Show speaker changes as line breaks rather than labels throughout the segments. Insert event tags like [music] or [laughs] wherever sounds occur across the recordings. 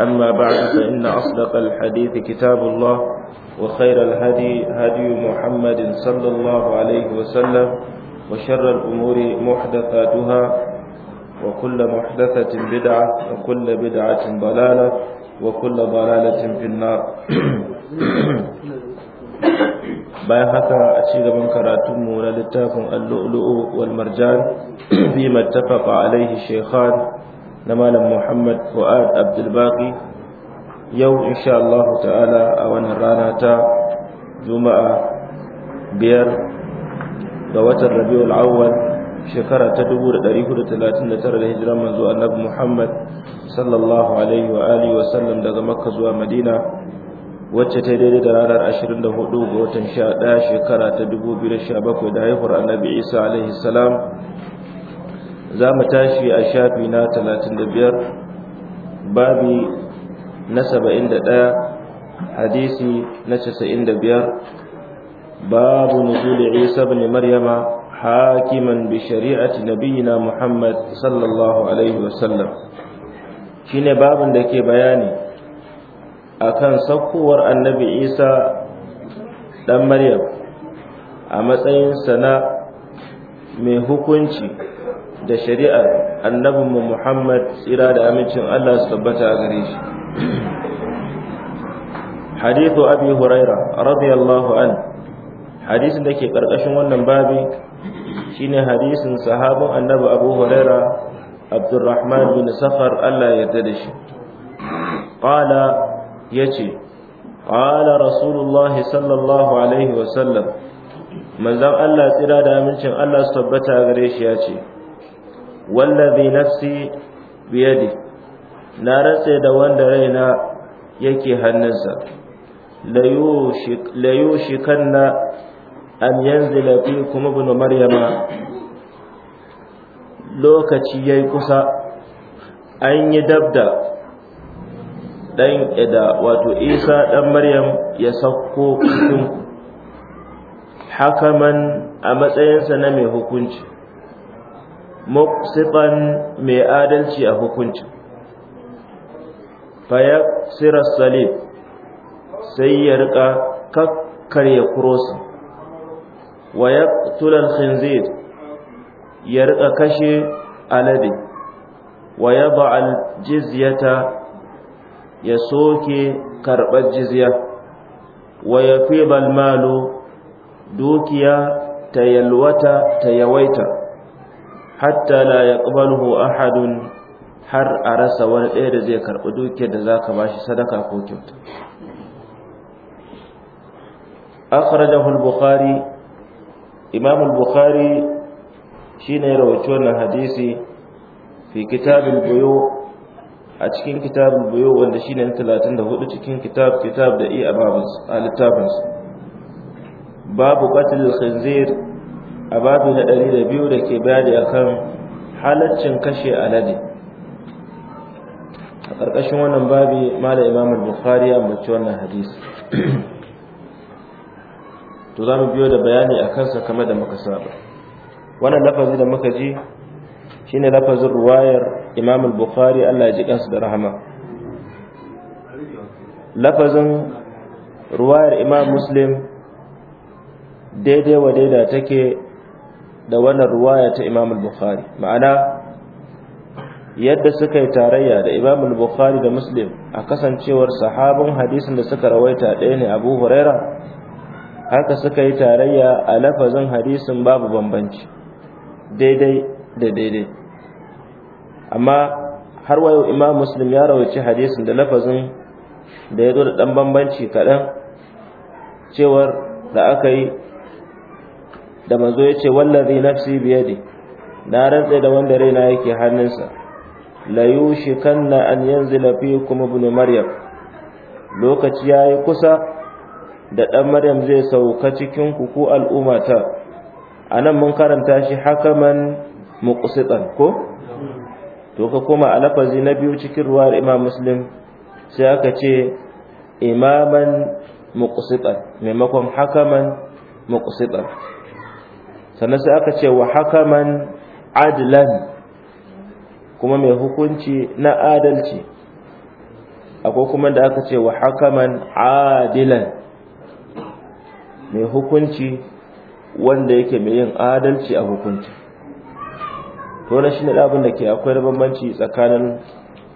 أما بعد فإن أصدق الحديث كتاب الله وخير الهدي هدي محمد صلى الله عليه وسلم وشر الأمور محدثاتها وكل محدثة بدعة وكل بدعة ضلالة وكل ضلالة في النار bayan haka a ci gaban karatunmu na littafin allu'lu'u wal marjan bi mattafaqa alaihi shaykhan na malam Muhammad Fuad Abdulbaki yau insha Allah ta'ala a wannan rana ta Juma'a biyar ga watan Rabiul Awwal shekara ta 1439 da hijiran manzo Annabi Muhammad sallallahu alaihi wa alihi wa sallam daga Makka zuwa Madina wacce ta daidai da ranar 24 ga watan 11 shekara ta 2017 da haihuwar Annabi Isa alaihi salam za mu tashi a shafi na 35 babi na 71 hadisi na 95 babu nuzuli isa ibn maryama hakiman bi shari'ati nabiyina muhammad sallallahu alaihi wasallam shine babin da ke bayani akan saukowar annabi isa dan maryam a matsayin na mai hukunci da shari'ar annabinmu Muhammad tsira da amincin Allah su tabbata a gare shi. Hadithu Abi Huraira radiyallahu an hadisin da ke ƙarƙashin wannan babi shine hadisin sahabin annabi Abu Huraira Abdurrahman bin Safar Allah ya yarda da shi. Qala ce, Qala Rasulullah sallallahu alaihi wa sallam manzon Allah tsira da amincin Allah su tabbata a gare shi ya ce wallazi nafsi biyadi na ratse da wanda raina yake hannunsa la yushikanna an yanzila kuma maryama lokaci yayi kusa an yi dabda dan ida wato Isa dan Maryam ya sakko cikin hakaman a matsayinsa na mai hukunci muqsitan mai adalci a hukunci faya sirar salib sai ya rika kakkarya kurosi wa ya tular khinzir ya rika kashe alade wa ya ba'al jizyata ya soke karɓar jizya wa ya fi balmalo dukiya ta yalwata ta yawaita hatta la yaqbaluhu ahadun har a rasa wani ɗaya da zai karɓi dukiyar da zaka bashi sadaka ko kyauta akhrajahu al-bukhari imam al-bukhari shine rawaito wannan hadisi fi kitabul buyu a cikin kitabul buyu wanda shine 34 cikin kitab kitab da iya babus a babu qatl al-khinzir a babu na ɗari da biyu da ke bayani akan halaccin kashe alade a ƙarƙashin wannan babi mala imam bukhari ya ambaci wannan hadisi to za mu biyo da bayani akan sa kamar da muka saba wannan lafazi da muka ji shine lafazin ruwayar imam bukhari Allah ya ji kansu da rahama lafazin ruwayar imam muslim daidai wa daidai take da wannan ruwaya ta Imam al-Bukhari ma'ana yadda suka yi tarayya da Imam al-Bukhari da Muslim a kasancewar sahabin hadisin da suka rawaita ɗaya ne Abu Huraira haka suka yi tarayya a lafazin hadisin babu bambanci daidai da daidai amma har wayo Imam Muslim ya rawaici hadisin da lafazin da ya zo da ɗan bambanci kaɗan cewar da aka yi da manzo ya ce wallazi nafsi biyadi na rantse da wanda raina yake hannunsa la yushikanna an yanzila fikum ibn maryam lokaci yayi kusa da dan maryam zai sauka cikin ku ku al'ummata anan mun karanta shi hakaman muqsitan ko to ka koma a lafazi na biyu cikin ruwar imam muslim sai aka ce imaman muqsitan maimakon hakaman muqsitan sannan sai aka ce wa hakaman adlan kuma mai hukunci na adalci akwai kuma da aka ce wa hakaman adilan mai hukunci wanda yake mai yin adalci a hukunci to na shi ne abin da ke akwai bambanci tsakanin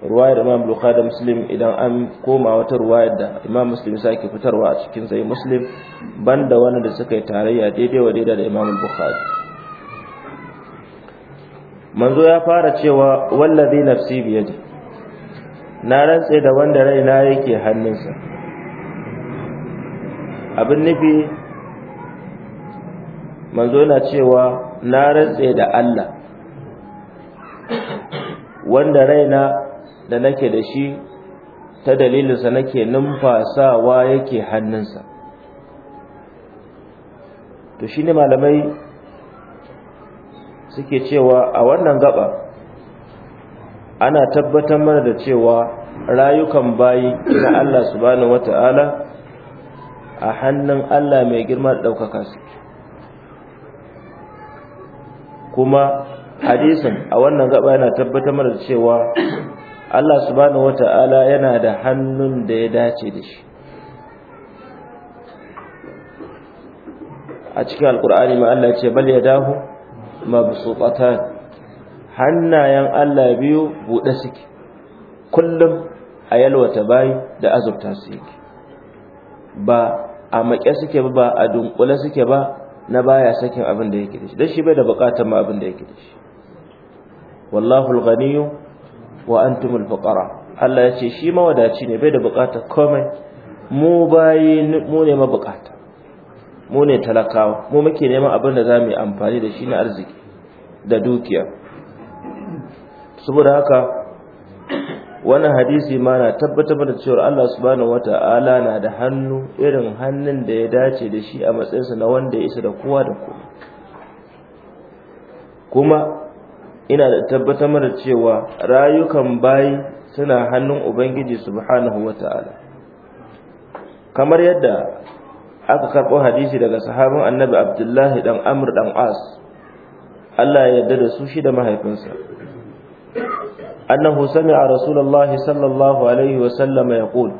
ruwayar imam bukhari da muslim idan an koma wata ruwayar da imam muslim sake fitarwa a cikin sai muslim banda wani da suka yi tarayya daidai wa daidai da imam bukhari manzo ya fara cewa wallazi nafsi biyadi na rantse da wanda raina yake hannunsa abin nufi manzo yana cewa na rantse da Allah wanda raina da nake da shi ta dalilinsa nake numfasawa yake hannunsa to shi ne malamai suke cewa a wannan gaba ana tabbatar mana da cewa rayukan bayi na Allah subhanahu wata'ala a hannun Allah mai girma da ɗaukaka suke kuma hadisin a wannan gaba yana tabbatar mana da cewa Allah subhanahu wata'ala yana da hannun da ya dace da shi a cikin alkur'ani ma Allah ce bal ya yadahu mabsuqatan hannayen Allah biyu buɗe suke kullum a yalwata bayi da azurta su yake ba a maƙe suke ba ba a dunkule suke ba na baya sakin abin da yake da shi dan shi bai da buƙatar ma abin da yake da shi wallahu alghaniyu wa antumul fuqara Allah yace ce shi mawadaci ne bai da bukata komai mu bai mu ne ma buƙata mu ne talakawa mu muke neman abin da zamu yi amfani da shi na arziki da dukiya
saboda haka wannan hadisi ma na tabbatar da cewa Allah subhanahu wata'ala na da hannu irin hannun da ya dace da
shi a matsayinsa na wanda ya isa da kowa da kowa kuma ina da tabbatar mana cewa rayukan bayi suna hannun ubangiji subhanahu wata'ala kamar yadda aka karɓo hadisi daga sahabin annabi abdullahi dan amr dan as Allah ya yarda da su shi da mahaifinsa annahu sami'a rasulullahi sallallahu alaihi wa sallam yaqul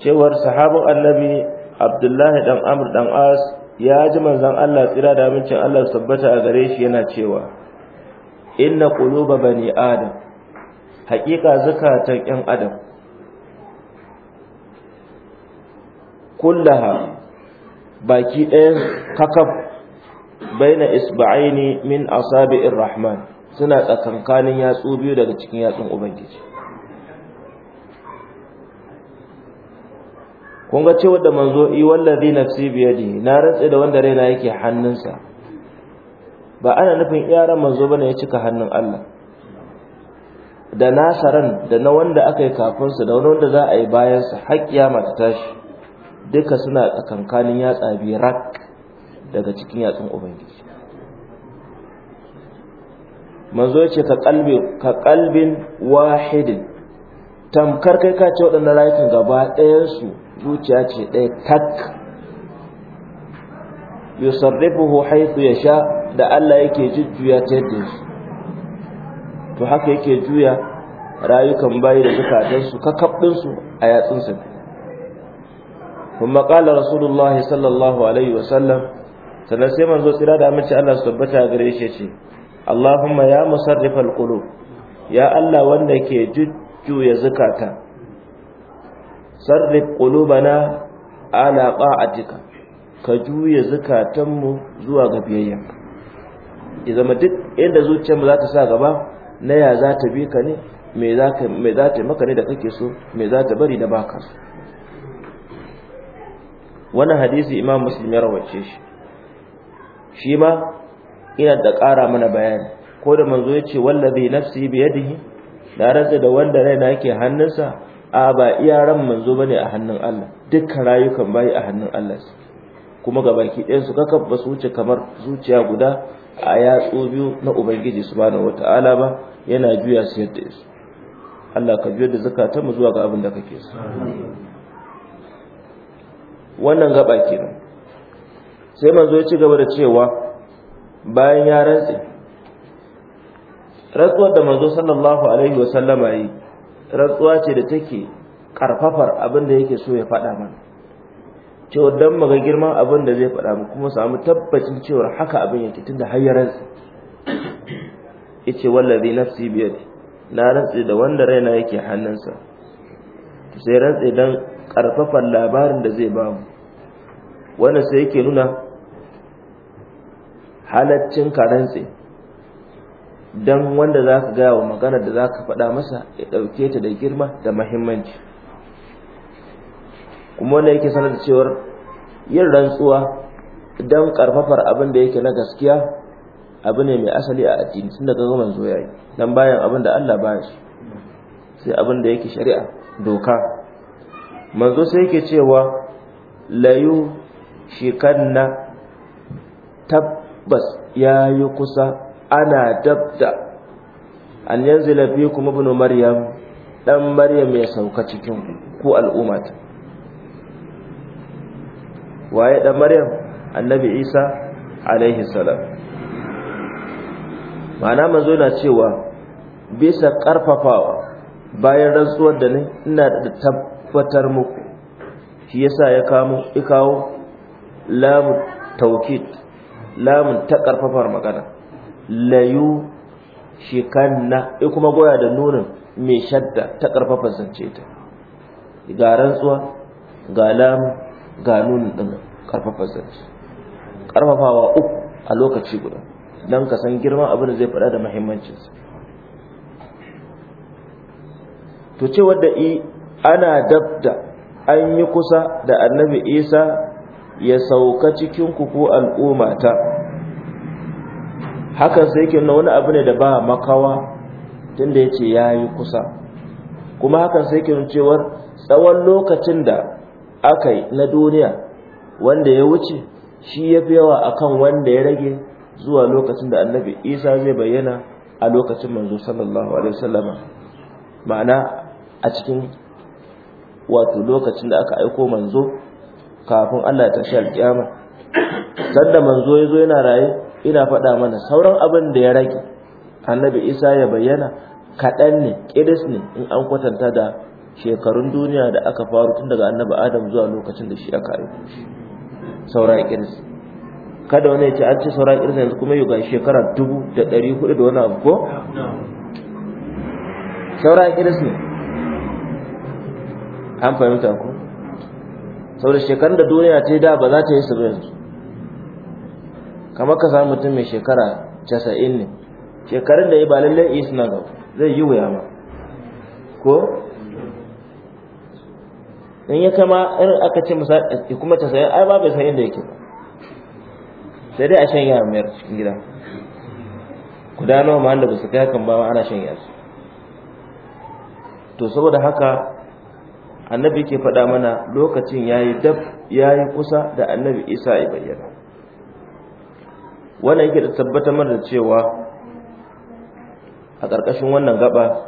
cewar sahabin annabi abdullahi dan amr dan
as ya ji manzon Allah tsira da amincin Allah tabbata a gare shi yana cewa inna quluba bani adam haƙiƙa zakatan yan adam kullaha baki ɗayan kakaf baina isba'aini min asabi'ir rahman suna tsakankanin yatsu biyu daga cikin yatsun ubangiji kun ga cewa da manzo i wallazi nafsi biyadi na rantsa da wanda raina yake hannunsa ba ana nufin yaran manzo bane ya cika hannun Allah da nasaran da na wanda aka yi kafin su da wanda za a yi bayan su har kiyama ta tashi duka suna tsakankanin yatsa birak daga cikin yatsun ubangiji manzo ya ce ka kalbi ka kalbin wahidin tamkar kai ka ce wadannan rayukan gaba ɗayan su zuciya ce ɗaya tak yusarrifuhu haythu yasha da Allah yake jujjuya ta yadda su to haka yake juya rayukan bayi da zukatansu kakabɗinsu a yatsunsa. kuma ƙalar rasulullah sallallahu alaihi wasallam sannan sai manzo tsira da amince Allah su tabbata gare shi ce Allahumma ya musarrifal qulub ya Allah wanda ke jujjuya zukata sarrif qulubana ala ta'atika ka juya zukatanmu zuwa ga biyayyanka ya zama duk inda zuciyarmu za ta sa gaba na ya za ta bi ka ne me za ta maka ne da kake so me za ta bari da baka so wannan hadisi imam muslim ya rawace shi shi ma ina da ƙara mana bayani ko da manzo ya ce wallazi nafsi bi yadihi na rasa da wanda raina yake hannunsa a ba iya ran manzo ne a hannun Allah dukkan rayukan bai a hannun Allah kuma ga baki ɗayan su kaka ba su wuce kamar zuciya guda a yatsu biyu na ubangiji subhanahu wataala ba yana juya su yadda isu Allah ka juyar da zakatan mu zuwa ga abin da kake so wannan gaba kenan sai manzo ya ci gaba da cewa bayan ya rantse rantsuwar da manzo sallallahu alaihi wa sallama yi rantsuwa ce da take karfafar abin da yake so ya faɗa mana cewa dan maga girman abin da zai faɗa mu kuma samu tabbacin cewar haka abin yake da har ya ce yace wallazi nafsi biyadi na rantsi da wanda raina yake hannunsa sai rantsi don karfafan labarin da zai ba mu wanda sai yake nuna halaccin ka rantsi don wanda za ka gaya wa maganar da za ka faɗa masa ya dauke ta da girma da mahimmanci kuma wannan yake sanar da cewar yin rantsuwa don karfafar abin da yake na gaskiya abu ne mai asali a addini tun daga zaman zo yayi dan bayan abin da Allah baya shi sai abin da yake shari'a doka manzo sai yake cewa layu shikanna tabbas yayi kusa ana dabda an yanzu yanzila kuma ibnu maryam dan maryam ya sauka cikin ku ta. waye dan maryam annabi isa alaihi salam ma'ana manzo na cewa bisa karfafawa bayan rantsuwar da ne ina da tabbatar muku shi yasa ya kamo ya kawo lamun taukid lamun ta karfafar magana layu kanna ya kuma goya da nunin mai shadda ta karfafa zance ta ga rantsuwa ga lamun. ga nuni din karfafa zance karfafawa uku a lokaci guda don ka san girman abin da zai faɗa da muhimmancinsa to ce wadda i ana dabda an yi kusa da annabi isa ya sauka cikin kuku al'umma ta hakan sai ke na wani abu ne da ba makawa tunda ya ce ya yi kusa kuma hakan sai ke cewar tsawon lokacin da aka na duniya wanda ya wuce shi ya fi yawa akan wanda ya rage zuwa lokacin da annabi isa zai bayyana a lokacin manzo sallallahu alaihi wasallama ma'ana a cikin wato lokacin da aka aiko manzo kafin Allah ya tashi alƙiyama sanda manzo yazo yana raye ina faɗa mana sauran abin da ya rage annabi isa ya bayyana kaɗan ne ƙiris ne in an kwatanta da shekarun duniya da aka faru tun daga annabi adam zuwa lokacin da shi aka yi shi saura kada wani ya ce an ce saura irs yanzu kuma yau ga shekara dubu da ɗari hudu da wani abu ko saura kiris ne an fahimta ko saboda shekarun da duniya ce da ba za ta yi su ba yanzu kamar ka samu mutum mai shekara casa'in ne shekarun da ya ba lallai isi na gaba zai yi wuya ma ko dan ya kama irin aka ce masa kuma ta sayar ai babu bai san inda yake ba sai dai a shanya mayar cikin gida guda nawa ma da basu kai hakan ba ana shanya su to saboda haka annabi ke faɗa mana lokacin yayi dab yayi kusa da annabi Isa ya bayyana wannan yake da tabbatar mana da cewa a ƙarƙashin wannan gaba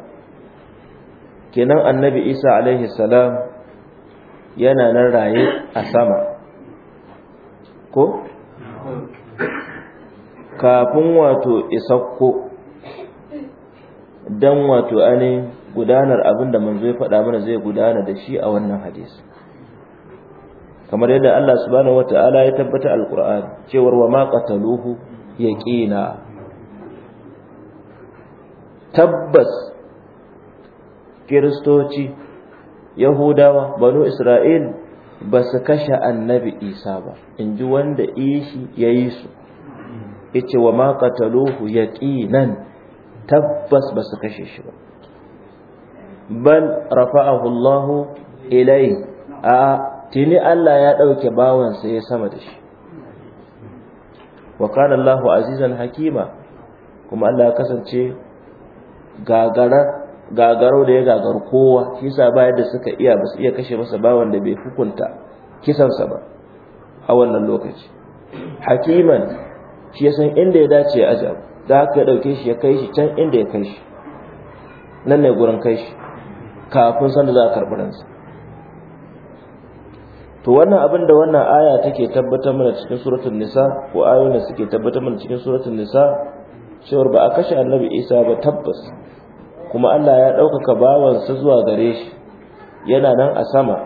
kenan annabi Isa alaihi salam yana nan raye a sama ko kafin wato isakko dan wato ane gudanar abin da manzo ya faɗa mana zai gudana da shi a wannan hadisi kamar yadda Allah subhanahu wata'ala ya tabbata alqur'ani cewar wa ma qataluhu yaqina tabbas kiristoci yahudawa banu isra'il ba su kashe annabi isa ba in ji wanda ishi ya yi su yace wa ma qataluhu yaqinan tabbas ba su kashe shi ba bal rafa'ahu Allah ilai a tini Allah ya dauke bawansa ya sama da shi wa Allahu azizan hakima kuma Allah ya kasance gagarar gagarau da ya gagar kowa kisa bayar da suka iya ba su iya kashe masa ba wanda bai hukunta kisansa ba a wannan lokaci hakiman shi ya san inda ya dace ya aja da haka ya ɗauke shi ya kai shi can inda ya kai shi nan ne gurin kai shi kafin sanda za a karɓi ransa to wannan abin da wannan aya take tabbatar mana cikin suratul nisa ko ayoyin da suke tabbatar mana cikin suratul nisa cewar ba a kashe annabi isa ba tabbas kuma Allah ya ɗaukaka bawansa zuwa gare shi yana nan a sama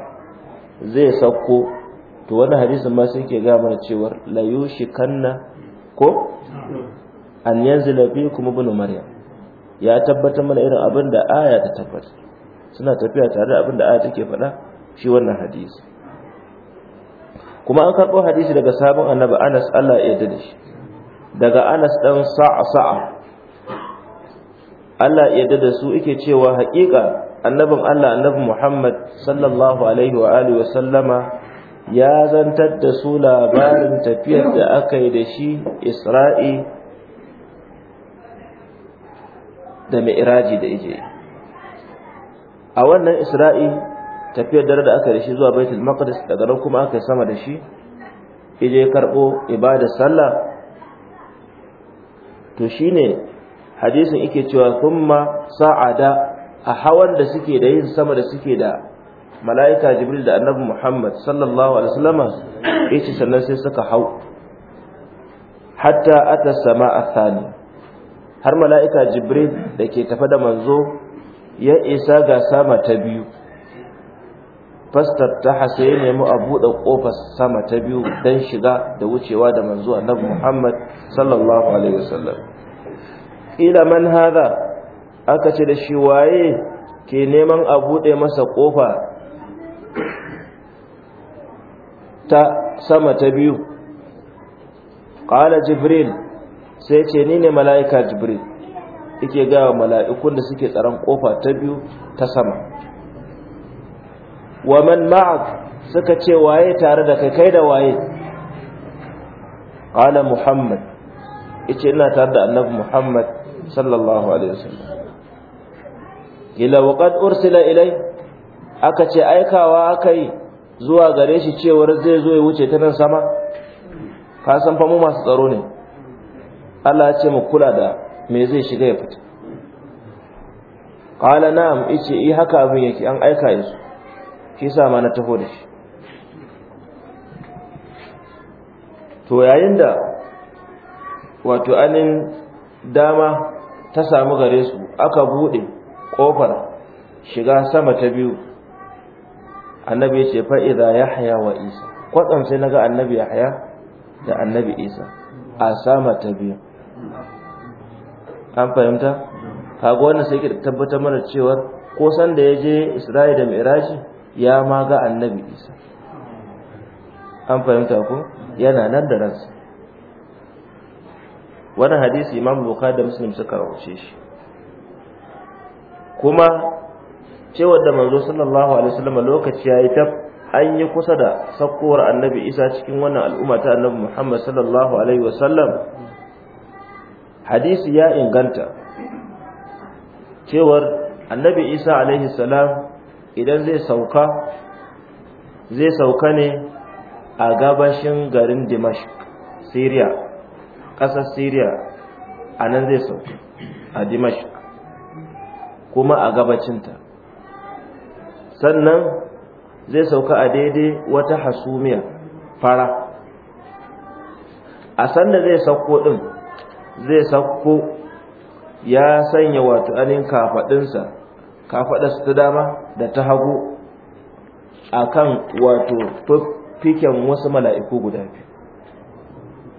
zai sauko to wani hadisin ma sai ke gama mana cewar la yushikanna ko an yanzila kuma ibnu maryam ya tabbatar mana irin abin da aya ta tabbata suna tafiya tare da abin da aya take faɗa shi wannan hadisi kuma an karɓo hadisi daga sabon annabi Anas Allah ya yarda da shi daga Anas dan Sa'a Sa'a Allah yadda da su yake cewa haƙiƙa annabin Allah annabi Muhammad sallallahu alaihi wa alihi wa sallama ya zantar da su labarin tafiyar da aka yi da shi Isra'i da Mi'raji da ije a wannan Isra'i tafiyar dare da aka da shi zuwa Baitul Maqdis daga nan kuma aka sama da shi ije karbo ibada sallah to shine hadisin yake cewa kuma sa'ada a hawan da suke da yin sama da suke da mala'ika jibril da annabi muhammad sallallahu alaihi wasallama yace sannan sai suka hau hatta ata sama'a thani har mala'ika jibril da ke tafa da manzo ya isa ga sama ta biyu fastar ta sai ya nemi a buɗe ƙofar sama ta biyu dan shiga da wucewa da manzo annabi muhammad sallallahu alaihi wasallam ƙila man haza aka ce da shi waye ke neman a buɗe masa ƙofa ta sama ta biyu ƙala jibril sai ce ni ne mala'ika jibril ike gawa mala'ikun da suke tsaron ƙofa ta biyu ta sama wa man ma'ak suka ce waye tare da kai kai da waye ƙala muhammad ice ina tare da annabi muhammad sallallahu alaihi wasallam ila waqad ursila ilai aka ce aikawa akai zuwa gare shi cewar zai zo ya wuce ta nan sama ka san fa mu masu tsaro ne Allah ya ce mu kula da me zai shiga ya fita qala na'am ice i eh haka abin yake an aika yi ki sa ma na taho da shi to yayin da wato anin dama ta samu gare su aka buɗe ƙofar shiga sama ta biyu annabi ce fa fa'iza yahya wa isa kwatsam sai na ga annabi yahya da annabi isa a sama ta biyu an fahimta kaga wannan sai ke tabbatar mana cewa ko san da ya je isra'ila da miraji ya ma ga annabi isa an fahimta ko yana nan da ransa wannan hadisi imam bukhari da muslim suka rawace shi kuma cewar da manzo sallallahu alaihi wasallam lokaci yayi ta an yi kusa da sakkowar annabi isa cikin wannan al'umma ta annabi muhammad sallallahu alaihi wasallam hadisi ya inganta cewar annabi isa alaihi salam idan zai sauka zai sauka ne a gabashin garin dimashq syria ƙasar Siriya a nan zai sauka a Dimashq kuma a gabacinta sannan zai sauka a daidai wata hasumiya fara a sanda zai sauko ɗin zai sauko ya sanya wato anin kafaɗinsa kafaɗarsa ta dama da ta hagu a kan wato fiken wasu mala'iku guda biyu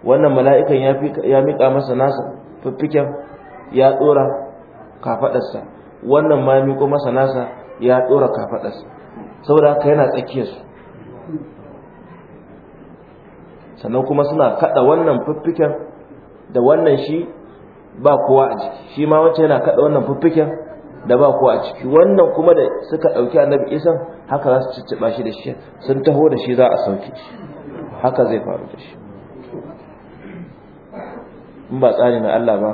wannan mala'ikan ya miƙa masa nasa fiffiken ya ɗora kafaɗarsa wannan ma ya miƙo masa nasa ya ɗora kafaɗarsa saboda haka yana tsakiyarsu sannan kuma suna kaɗa wannan fiffiken da wannan shi ba kowa a ciki shi ma wacce yana kaɗa wannan fiffiken da ba kowa a ciki wannan kuma da suka ɗauki annabi isan haka za su cicciɓa shi da shi sun taho da shi za a sauke shi haka zai faru da shi in ba tsari na Allah ba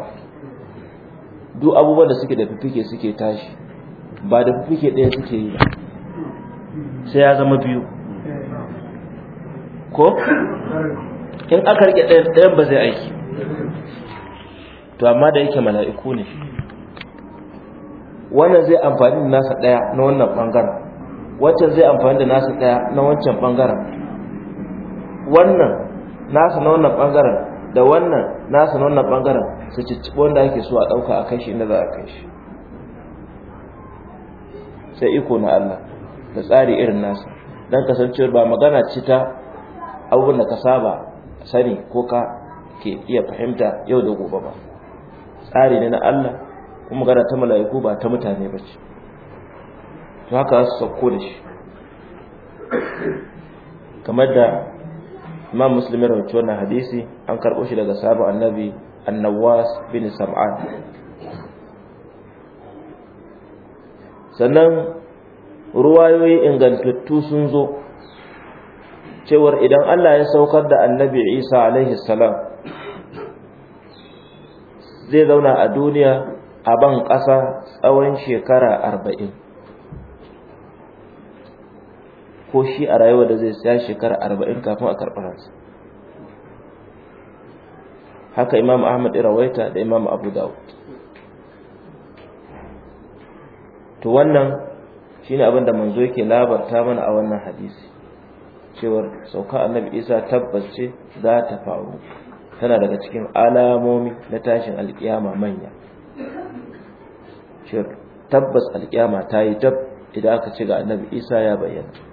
duk abubuwan da suke da fifike suke tashi ba da fifike ɗaya suke yi ba sai ya zama biyu ko in aka rike ɗayan ba zai aiki to amma da yake mala'iku ne wannan zai amfani da nasa ɗaya na wannan ɓangaren wancan zai amfani da nasa ɗaya na wancan ɓangaren wannan nasa na wannan ɓangaren da wannan nasa na wannan bangaren su cicciɓo wanda ake so a ɗauka a kashi shi inda za a kai shi sai iko na Allah da tsari irin nasa don kasancewar ba magana ci ta abubuwan da ka saba sani ko ka ke iya fahimta yau da gobe ba tsari ne na Allah kuma magana ta mala'iku ba ta mutane ba ce to haka su sauko da shi kamar da imam muslim ya rawaito wannan hadisi an karbo shi daga sahabu annabi an An-Nawas bin sam'an sannan ruwayoyi ingantattu sun zo cewar idan Allah ya saukar da annabi isa alaihi salam zai zauna a duniya a ban ƙasa tsawon shekara arba'in ko shi a rayuwa da zai saya shekara arba'in kafin a karɓi ransa haka imam ahmad irawaita da imam abu dawud to wannan shine abin da manzo yake labarta mana a wannan hadisi cewar sauka annabi isa tabbas ce za ta faru tana daga cikin alamomi na tashin alkiyama manya Cewar tabbas alkiyama ta yi dab idan aka ci ga annabi isa ya bayyana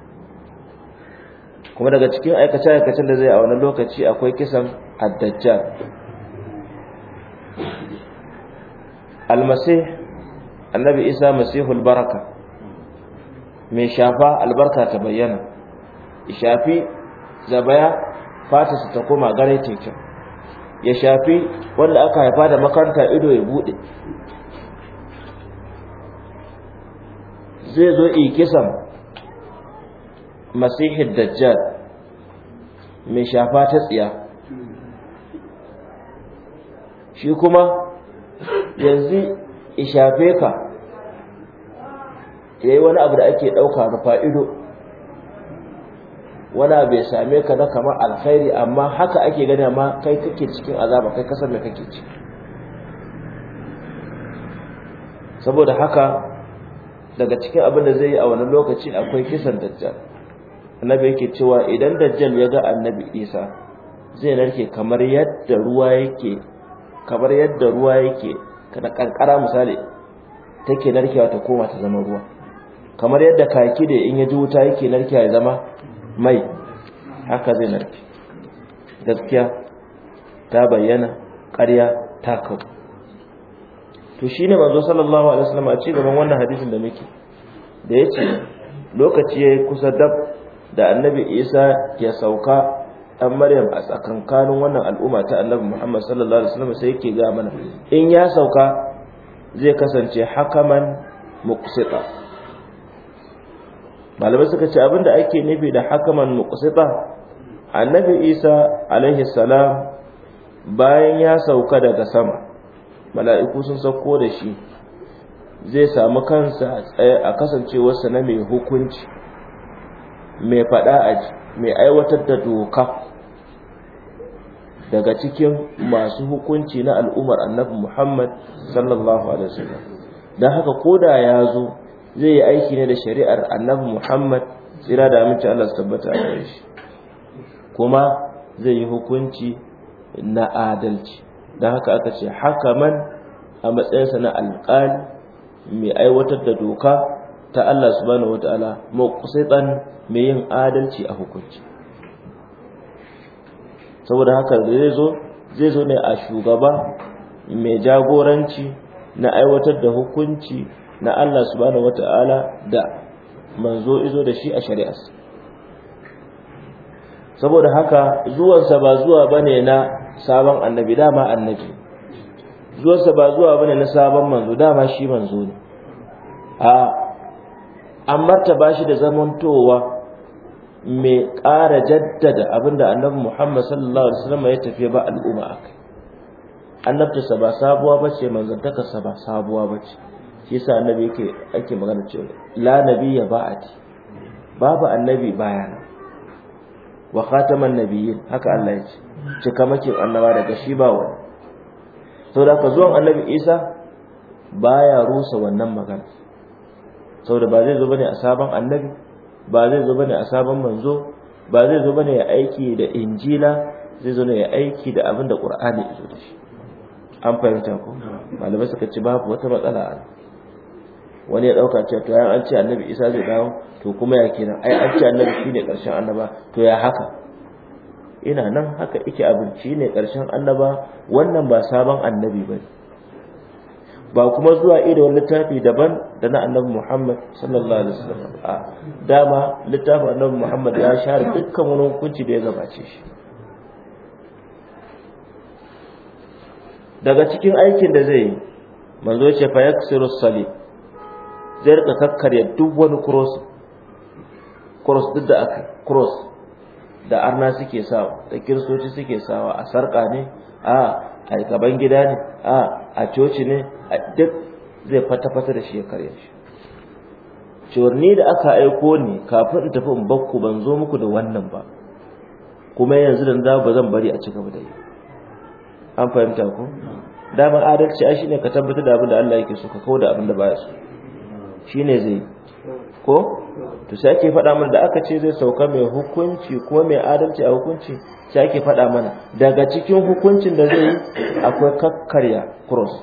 kuma daga cikin aikace-aikacen da zai a wani lokaci akwai kisan addajja. Almasai, annabi isa masihul baraka mai shafa albarka ta bayyana ya shafi zabaya fata su ta koma gare kyau ya shafi wanda aka haifa da makaranta ido ya bude zai zo kisan masihin dajjal mai shafa ta tsiya shi kuma yanzu ishafe ka ya yi wani abu da ake ɗauka ga fa'idu, wana bai same ka na kamar alkhairi amma haka ake gani ma kai kake cikin azaba kai kasar mai kake ci saboda haka daga cikin abin da zai yi a wani lokaci akwai kisan dajjal annabi yake cewa idan dajjal ya ga annabi isa zai narke kamar yadda ruwa yake kamar yadda ruwa yake kana kankara misali take narkewa ta koma ta zama ruwa kamar yadda kaki da in ya ji wuta yake narkewa ya zama mai haka zai narke gaskiya ta bayyana ƙarya ta kawo to shine manzo sallallahu alaihi wasallam a cikin gaban wannan hadisin da muke da yace lokaci yi kusa dab da annabi isa ya sauka dan maryam a tsakankanin wannan al'umma ta annabi muhammad sallallahu alaihi wasallam sai yake ga mana in ya sauka zai kasance hakaman muqsita malamai suka ce abinda ake nufi da hakaman muqsita annabi isa alaihi salam bayan ya sauka daga sama mala'iku sun sauko da shi zai samu kansa a kasancewarsa na mai hukunci mai faɗa a mai aiwatar da doka daga cikin masu hukunci na al'ummar annabi Muhammad sallallahu alaihi wasallam dan haka koda ya zo zai yi aiki ne da shari'ar annabi Muhammad tsira da aminci Allah su tabbata a shi kuma zai yi hukunci na adalci dan haka aka ce hakaman a matsayinsa na alƙali mai aiwatar da doka ta Allah subhanahu wataala kusaitan mai yin adalci a hukunci saboda haka zai zo zai zo ne a shugaba mai jagoranci na aiwatar da hukunci na Allah subhanahu wata'ala da manzo izo da shi a shari'arsa saboda haka zuwansa ba zuwa bane na sabon annabi dama annabi zuwansa ba zuwa bane na sabon manzo dama shi manzo ne a an martaba shi da zamantowa mai ƙara jaddada abinda annabi Muhammad sallallahu alaihi wasallam ya tafi ba al'umma akai annabta ba sabuwa bace manzantaka sa ba sabuwa bace shi yasa annabi yake ake magana cewa la nabiyya ba'ati babu annabi bayana wa khataman nabiyyin haka Allah ya ce cika makin annaba daga shi ba wani saboda ka zuwan annabi Isa baya rusa wannan magana saboda ba zai zo bane a sabon annabi ba zai zo bane a sabon manzo ba zai zo bane ya aiki da injila zai zo ne ya aiki da abin da qur'ani ya zo da shi an fahimta ko malamai suka ce babu wata matsala a wani ya dauka cewa to an ce annabi isa zai dawo to kuma ya kenan ai an ce annabi shine karshen annaba to ya haka ina nan haka yake abinci ne karshen annaba wannan ba sabon annabi bane ba kuma zuwa ido wani littafi daban da na annabi Muhammad sallallahu alaihi wasallam a dama littafin annabi Muhammad ya share dukkan wani hukunci da ya gabace shi daga cikin aikin da zai yi manzo ce fa yaksiru salib zai rika kakkarya duk wani cross cross duk da aka cross da arna suke sawa da kiristoci suke sawa a sarka ne a a gaban gida ne a a coci ne a duk zai fata-fata da shi ya shi cewar ni da aka aiko ni kafin in tafi in bakku ban zo muku da wannan ba kuma yanzu da za ba zan bari a ci gaba da yi an fahimta ku damar adalci a shine ka tabbatar da abin da Allah yake so ka kawo da abin da baya so shine zai ko to sai ake faɗa mana da aka ce zai sauka mai hukunci kuma mai adalci a hukunci sai ake faɗa mana daga cikin hukuncin da zai yi akwai kakkarya cross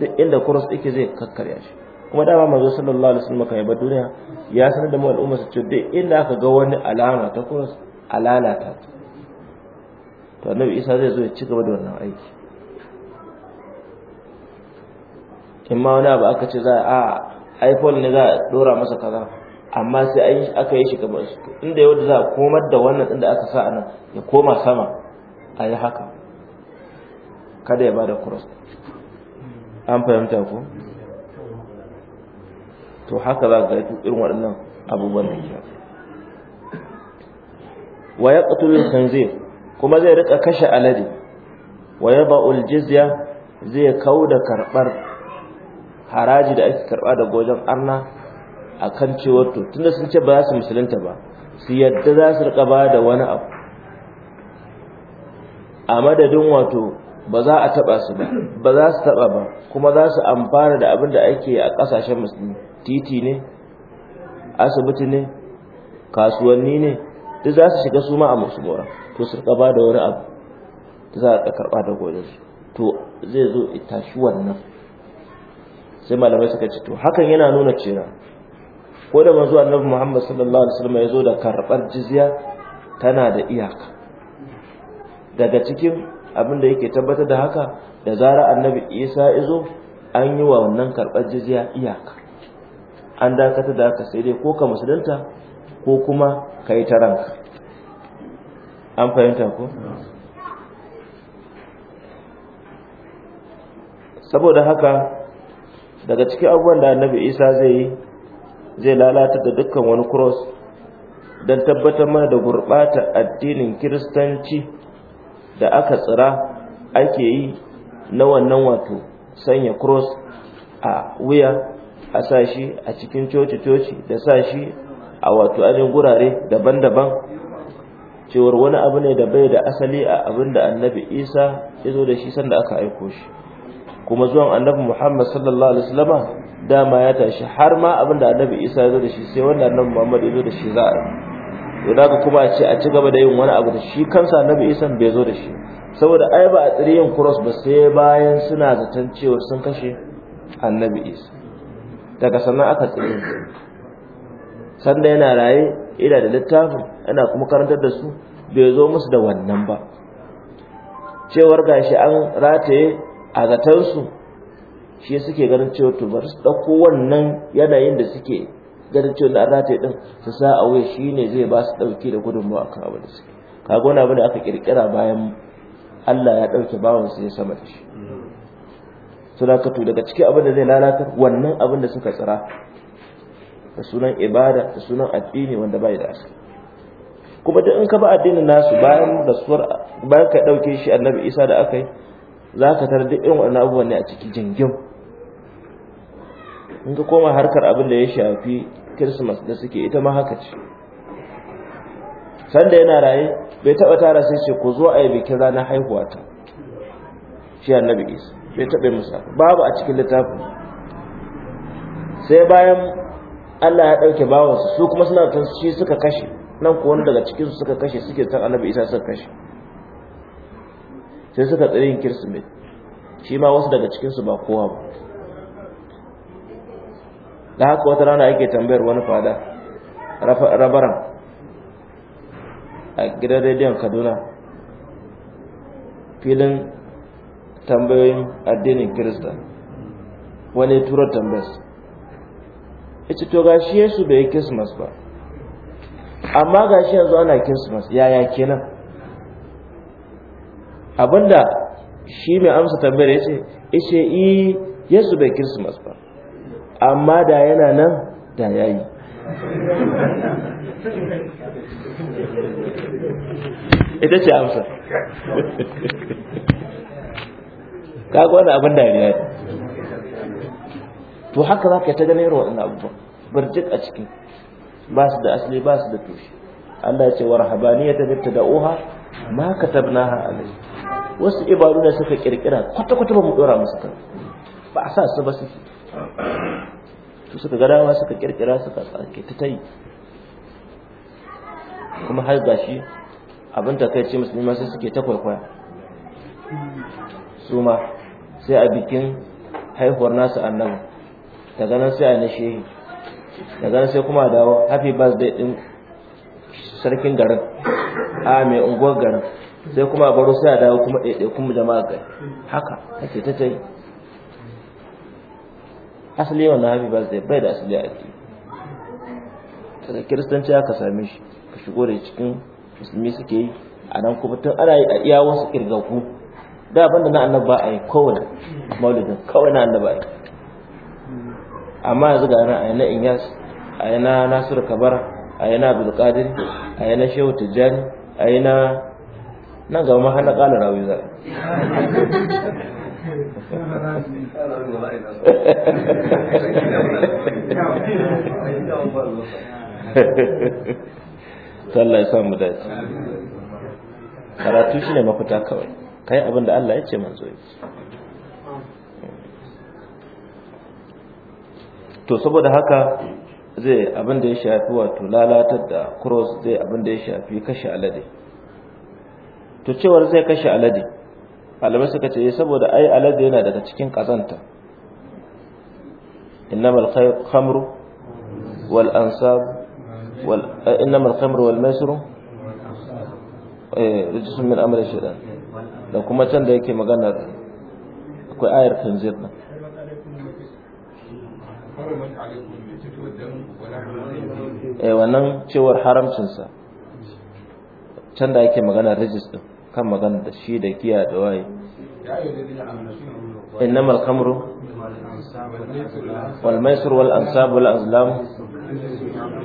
duk inda cross ɗike zai kakkarya shi kuma dama mazo sallallahu alaihi wasallam kai ba duniya ya sanar da mu al'umma su ce duk inda aka ga wani alama ta cross alala ta to annabi Isa zai zo ya ci gaba da wannan aiki
in ma wani abu aka ce
za a iphone ne za a dora masa kaza amma sai an aka yi shi gaba inda yau da za a komar da wannan inda aka sa anan ya koma sama a yi haka kada ya bada cross an fahimta ko to haka za ka ga irin waɗannan abubuwan da ke wa yin kanzi kuma zai rika kashe alade wa ba'ul jizya zai kauda karɓar. haraji da ake karba daga wajen arna kan cewar to tunda sun ce ba za su musulunta ba su yadda za su rika ba da wani abu a madadin wato ba za a taba su ba ba za su taba ba kuma za su amfana da abin da ake a kasashen musulmi titi ne asibiti ne kasuwanni ne duk za su shiga su ma a mora to su rika ba da wani abu za a karba da su to zai zo ita shi wannan sai malamai suka ce to hakan yana nuna cewa ko da manzo annabi Muhammad sallallahu alaihi wasallam ya zo da karbar jizya tana da iyaka daga cikin abin da yake tabbatar da haka da zara annabi Isa izo an yi wa wannan karbar jizya iyaka an dakata da haka sai dai ko ka musulunta ko kuma kai ta ranka an fahimta ko saboda haka daga cikin abubuwan da annabi isa zai yi zai lalata da dukkan wani cross don tabbatar mana da gurɓata addinin kiristanci da aka tsira ake yi na wannan wato sanya cross a wuya a sashi a cikin coci-coci da sashi a wato ainihin gurare daban-daban cewar wani abu ne da bai da asali a abin da annabi isa ya zo da shi sanda aka aiko shi kuma zuwan annabi Muhammad sallallahu alaihi wasallam dama ya tashi har ma abin da annabi Isa ya zo da shi sai wannan annabi Muhammad ya zo da shi za a yi to kuma a ce a ci gaba da yin wani abu da shi kansa annabi Isa bai zo da shi saboda ai ba a tsiri yin cross ba sai bayan suna zaton cewa sun kashe annabi Isa daga sannan aka tsiri sanda yana raye ina da littafin ana kuma karantar da su bai zo musu da wannan ba cewar gashi an rataye a zatansu shi suke ganin cewa to bari su ɗauko wannan yanayin da suke ganin cewa na rataye din su sa a wuya shi ne zai ba su ɗauki da gudunmawa akan abu da suke kaga wani abu da aka ƙirƙira bayan Allah ya ɗauke bawan su ya sama da shi to daga cikin abin da zai lalatar wannan abin da suka tsira da sunan ibada da sunan addini wanda bai da asali kuma duk in ka ba addinin nasu bayan rasuwar bayan ka ɗauke shi annabi isa da aka yi za ka tara duk irin wannan abubuwan ne a ciki jingim in ka koma harkar abin da ya shafi Christmas da suke ita ma haka ce sanda yana raye bai taba tara sai ce ku zo a yi bikin ranar haihuwa ta shi annabi Isa bai taba musa babu a cikin littafin sai bayan Allah ya dauke bawansu su kuma suna tun shi suka kashe nan ko wanda daga cikin su suka kashe suke san annabi Isa suka kashe sai suka tsare yin kirsimeti shi ma wasu daga cikinsu ba kowa ba da haka wata rana ake tambayar wani fada rabaran a gidan rediyon kaduna filin tambayoyin addinin kirista wani turar tambayas ita to gashi yesu bai yi christmas ba amma gashi yanzu ana christmas yaya kenan abinda shi mai amsa tambayar ya ce ishe yi yesu bai kirsimas ba amma da yana nan da ya yi
ita ce amsa
[laughs] kaga wani abin dariya ne to haka za ka ta ganin irin waɗannan abubuwan birjik a ciki ba su da asali ba su da tushe Allah ya ce wa rahabaniyata da ta da'uha ma ha alayhi wasu ibaru da suka kirkira kwata-kwata ba mu dora musu ta, ba a sa su ba su. to suka ga dama suka kirkira suka tsake ta yi. kuma har shi abin da kai ce musulmi ma sai suke ta kwaikwaya su ma sai a bikin haihuwar nasu annabi ta ganin sai a na shehi ta ganin sai kuma a dawo happy birthday din sarkin garin
a mai unguwar garin
sai kuma a baro sai a dawo kuma ɗaiɗaikun mu jama'a kai haka ake ta tai asali wannan happy birthday bai da asali a addini daga kiristanci aka same shi ka shigo da cikin musulmi suke yi a nan kuma tun ana yi a iya wasu kirgaku da abin da na annaba a yi kowane maulidin kawai na annaba a yi amma yanzu ga nan a yi na inyas a yi na nasiru kabara a yi na a yi na shehu tijjani a yi na nan ga ma hana ƙala rawi za Allah ya samu dace karatu shine mafita kawai kai abin da Allah ya ce manzo to saboda haka zai abin da ya shafi wato lalatar da cross zai abin da ya shafi kashe alade to cewar zai kashe alade malamai suka ce eh, saboda ai alade yana daga cikin kazanta innamal khamru wal ansab wal eh, innamal khamru wal maisru eh rijsun min amri shaytan da kuma can da yake magana akwai ayar tanzir nan eh wannan cewar haramcinsa can da yake magana rijis din kan magana da shi da giya da waye innama al-khamru
wal maisir wal ansab wal azlam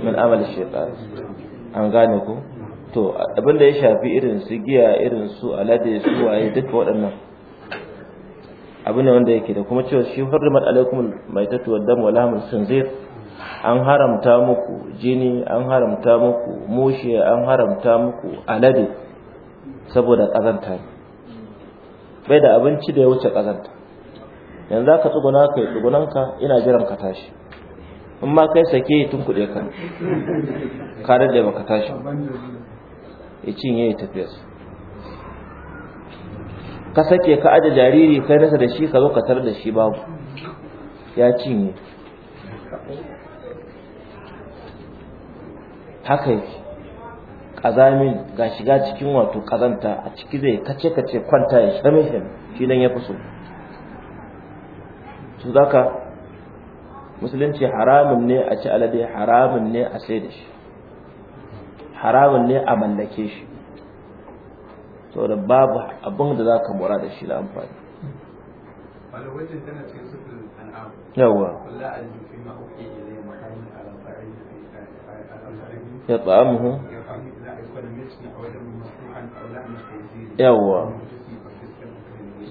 min
shaytan an gane ku to abin da ya shafi irin su giya irin su alade su waye duka waɗannan abu ne wanda yake da kuma cewa shi hurrimat alaikum maitatu wad dam wal lahmul khinzir an haramta muku jini an haramta muku mushe an haramta muku alade saboda ƙazanta ne bai da abinci da ya wuce ƙazanta yanzu za ka tsuguna ka yi tsugunanka ina jiran ka tashi in ma kai sake tun kuɗe ka
kare da baka tashi
ya cinye ya tafiya su ka sake ka aje jariri kai nasa da shi ka zo ka tar da shi babu ya cinye haka yake kazami ga shiga cikin wato kazanta a ciki zai kace kace kwanta ya shame shi shi nan ya fi so su zaka musulunci haramun ne a ci alade haramun ne a sai da shi haramun ne a mallake shi to da babu abin da zaka mura da shi na amfani yawa ya tsamuhu yawwa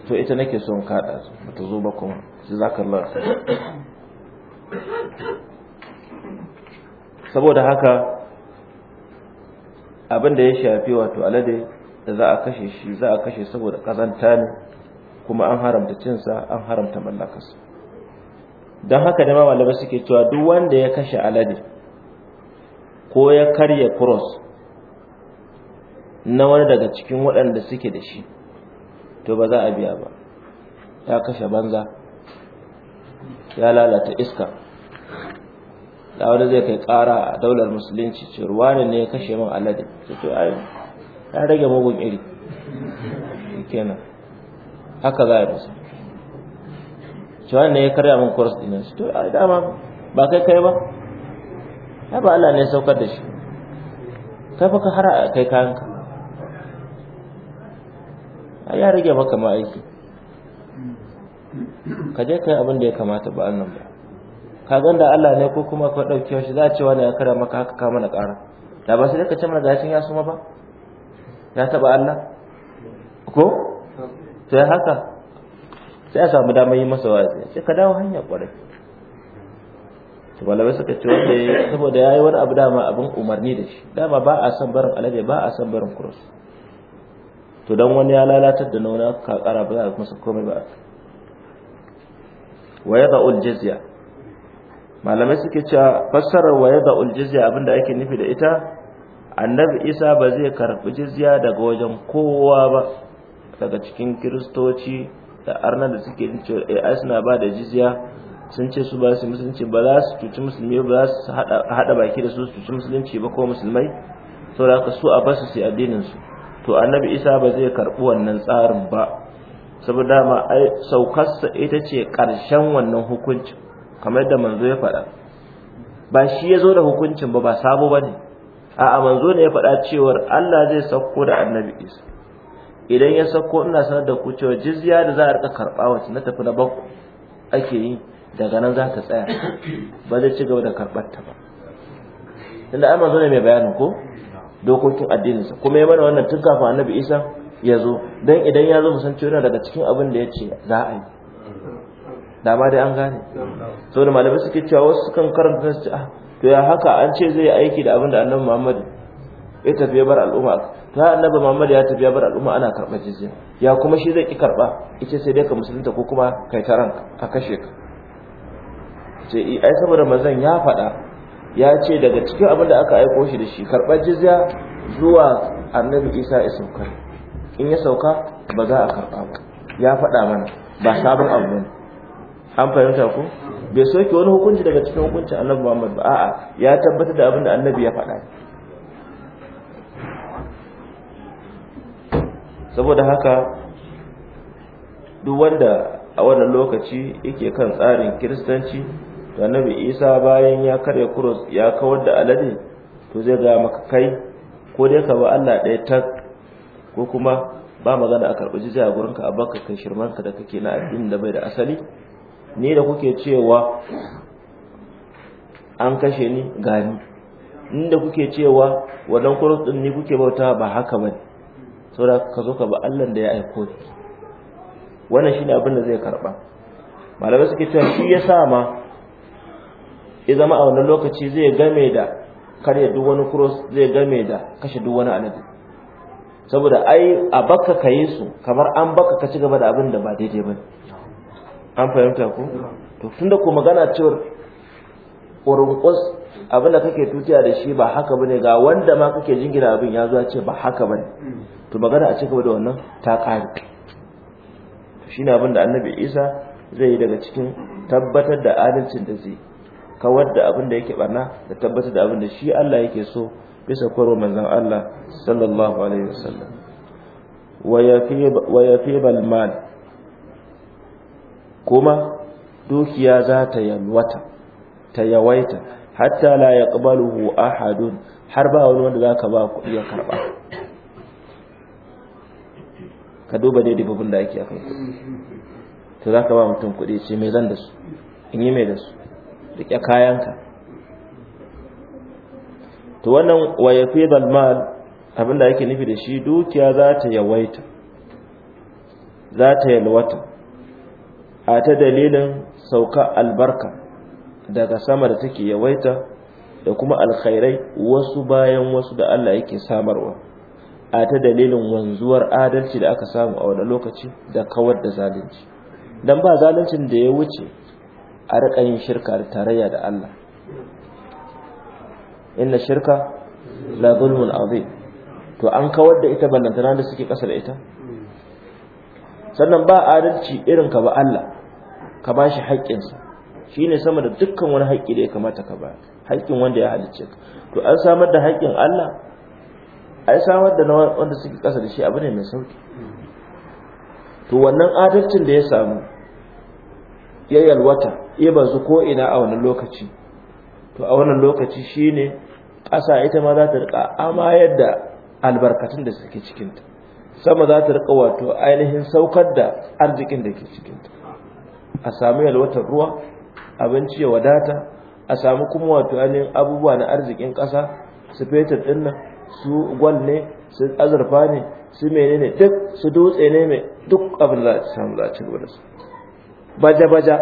to ita nake son kada ta zo ba kuma shi za ka saboda haka abin da ya shafi wato alade da za a kashe shi za a kashe saboda ƙazanta ne kuma an haramta cinsa an haramta mallakarsa don haka da ma malamai suke cewa duk wanda ya kashe alade ko ya karya cross na wani daga cikin waɗanda suke da shi to ba za a biya ba ya kashe banza ya lalata iska da wani zai kai ƙara a daular musulunci ce ruwanin ne ya kashe min alade ta to ayi ya rage mugun iri kenan haka za a ce wani ne ya karya min kurs dinan su to a dama ba kai kai ba ya ba Allah ne saukar da shi kai fa ka hara kai kayanka ya rage maka ma aiki ka je kai abin da ya kamata ba annan ba ka ganda Allah ne ko kuma ka dauke shi za ce wani ya kara maka haka ka mana ƙara da ba sai ka ce mana gashin ya suma ba ya taba Allah ko to ya haka sai a samu damar yi masa wa'azi sai ka dawo hanya kwarai to malamai suka ce wanda ya saboda yayi wani abu dama abin umarni da shi dama ba a son barin alade ba a son barin kurus to dan wani ya lalatar da nauna, ka kara ba za a masa komai ba wa ul jizya malamai suke cewa fassarar wa ul jizya abinda ake nufi da ita annabi Isa ba zai karbi jizya daga wajen kowa ba daga cikin kiristoci da arna da suke cewa eh, ai suna ba da jizya sun ce su ba su musulunci ba za su cuci musulmi ba za su hada baki da su su cuci musulunci ba ko musulmai saboda haka su a basu su addinin su to annabi isa ba zai karɓi wannan tsarin ba saboda ma ai saukarsa ita ce ƙarshen wannan hukuncin kamar da manzo ya faɗa ba shi ya zo da hukuncin ba ba sabo ba ne a'a manzo ne ya faɗa cewar Allah zai sauko da annabi isa idan ya sauko ina sanar da ku cewa jizya da za a rika karɓa wacce na tafi na bakku ake yi daga nan za ta tsaya ba zai ci gaba da karɓar ta ba tunda ai manzo ne mai bayanin ko dokokin addininsa kuma ya mana wannan tun kafin annabi isa ya zo don idan ya zo musan cewa daga cikin abin da ya ce za a yi dama dai an gane so da malamai suke cewa wasu sukan karanta su ce ah to ya haka an ce zai aiki da abin da annabi muhammad ya tafi ya bar al'umma ta annabi muhammad ya tafi ya bar al'umma ana karɓar jizya ya kuma shi zai ki karɓa ita sai dai ka musulunta ko kuma kai ta ranka a kashe ka ce eh, ai saboda manzon ya faɗa ya ce daga cikin abin da aka aiko shi da shi karɓar jizya zuwa annabi isa ya sauka in ya sauka ba za a karɓa ba ya faɗa mana ba sabon abu ne an fahimta ko bai soke wani hukunci daga cikin hukuncin annabi muhammad ba a'a ya tabbatar da abin da annabi ya faɗa saboda haka duk wanda a wannan lokaci yake kan tsarin kiristanci da annabi isa bayan ya karya kuros ya kawar da alade to zai ga maka kai ko dai ka ba Allah ɗaya tak ko kuma ba magana a karɓi jizya a gurinka a baka kai shirmanka da kake na addinin da bai da asali ni da kuke cewa an kashe ni gani da kuke cewa wannan kuros din ni kuke bauta ba haka ba saboda ka zo ka ba Allah da ya aiko ki wannan shine abin da zai karɓa. malamai suke cewa shi ya sa ma ya zama a wannan lokaci zai game da karya duk wani cross zai game da kashe duk wani alade saboda ai a baka ka yi su kamar an baka ka ci gaba da abin da ba daidai ba an fahimta ku to tunda ko magana cewa ƙurunƙus abin da kake tutiya da shi ba haka bane ga wanda ma kake jingina abin ya zuwa ce ba haka bane to magana a cigaba da wannan ta kare to shine abin da Annabi Isa zai yi daga cikin tabbatar da adalcin da zai kawar da abin da yake barna da tabbatar da abin da shi Allah yake so bisa koro manzan Allah sallallahu alaihi wasallam wa yafi mal kuma dukiya za ta yalwata ta yawaita hatta la yaqbaluhu ahadun har ba wani wanda zaka ba kuɗi ya karba ka duba dai dubabin da ake akai to zaka ba mutum kuɗi ce me zan da su in yi me da su rike kayanka to wannan wa yafid mal abinda yake nufi da shi dukiya za ta yawaita za ta yalwata a ta dalilin sauka albarka daga sama da take yawaita da kuma alkhairai wasu bayan wasu da Allah yake samarwa a ta dalilin wanzuwar adalci da aka samu a wani lokaci da kawar da zalunci dan ba zaluncin da ya wuce a riƙa yin shirka da tarayya da Allah inna shirka la zulmun azim to an kawar da ita ballantana da suke ƙasa da ita sannan ba adalci irin ka ba Allah ka ba shi haƙƙinsa shi ne sama da dukkan wani haƙƙi da ya kamata ka ba haƙƙin wanda ya halicce ka to an samar da haƙƙin Allah ai samar da wanda suke ƙasa da shi abu ne mai sauki to wannan adalcin da ya samu ya yalwata iya bazu ko ina a wannan lokaci to a wannan lokaci shine ƙasa ita ma za ta rika amayar da albarkatun da suke cikinta sama za ta rika wato ainihin saukar da arzikin da ke cikinta a samu yalwatar ruwa abinci ya wadata a samu kuma wato ainihin abubuwa na arzikin ƙasa su fetur ɗin nan su gwal ne su azurfa ne su menene duk su dutse ne mai duk abin da za a samu za ci da su baja-baja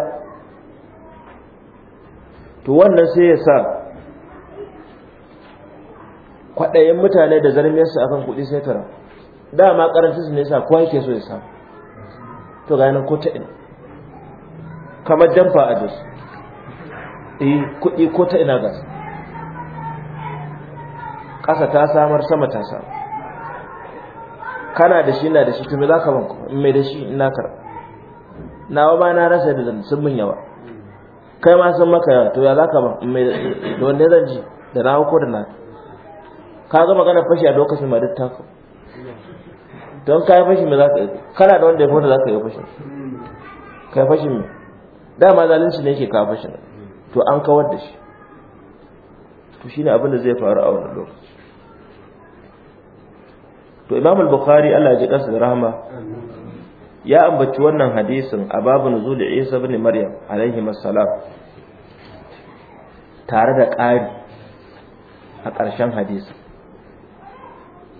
to wannan sai ya sa kwaɗayen mutane da zarmiyarsu akan kuɗi sai tara dama karancin su ne sa kowa yake so ya sa, to ga yanar ko ta ina kamar jamfa a jos eh, kuɗi ko ta ina gas? ƙasa ta samar sama ta samar kana da shi na da shi tumi za ka ban ku mai da shi ina karɓa nawa ba na rasa da sun min yawa kai ma sun maka yawa to ya za ka ba mai da wanda zan ji da na ko da na ka zama kana fashi a lokacin ma duk taka don ka yi fashi mai za ka yi kana da wanda ya fi za ka yi ka yi fashi mai dama zalunci ne ke ka fashi to an kawar da shi to ne abin da zai faru a wannan lokaci to imam al-bukhari Allah ya ji kansa da rahama ya ambaci wannan hadisin a babu nuzul Isa bin Maryam alaihi masalam tare da ƙari a ƙarshen hadisin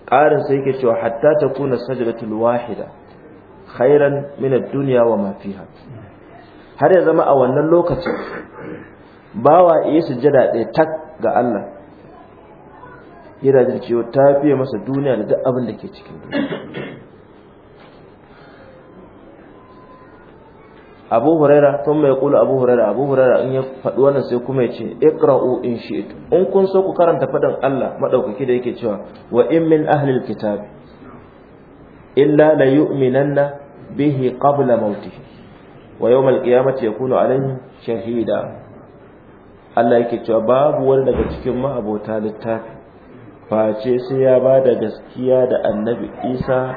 ƙarin sai yake cewa hatta kuna sajdatul wahida khairan min ad-dunya wa ma fiha har ya zama a wannan lokacin bawa iya sujjada ɗaya tak ga Allah yana jin ta fiye masa duniya da duk abin da ke cikin duniya abu huraira tun mai kula abu huraira abu huraira in ya faɗi wannan sai kuma ya ce iqra'u in shi'tu in kun so ku karanta faɗin Allah madaukaki da yake cewa wa in min ahlil kitab illa la yu'minanna bihi qabla mautihi wa yawmal qiyamati yakunu alayhi shahida Allah yake cewa babu wani daga cikin ma'abota littafi face sai ya ba da gaskiya da annabi isa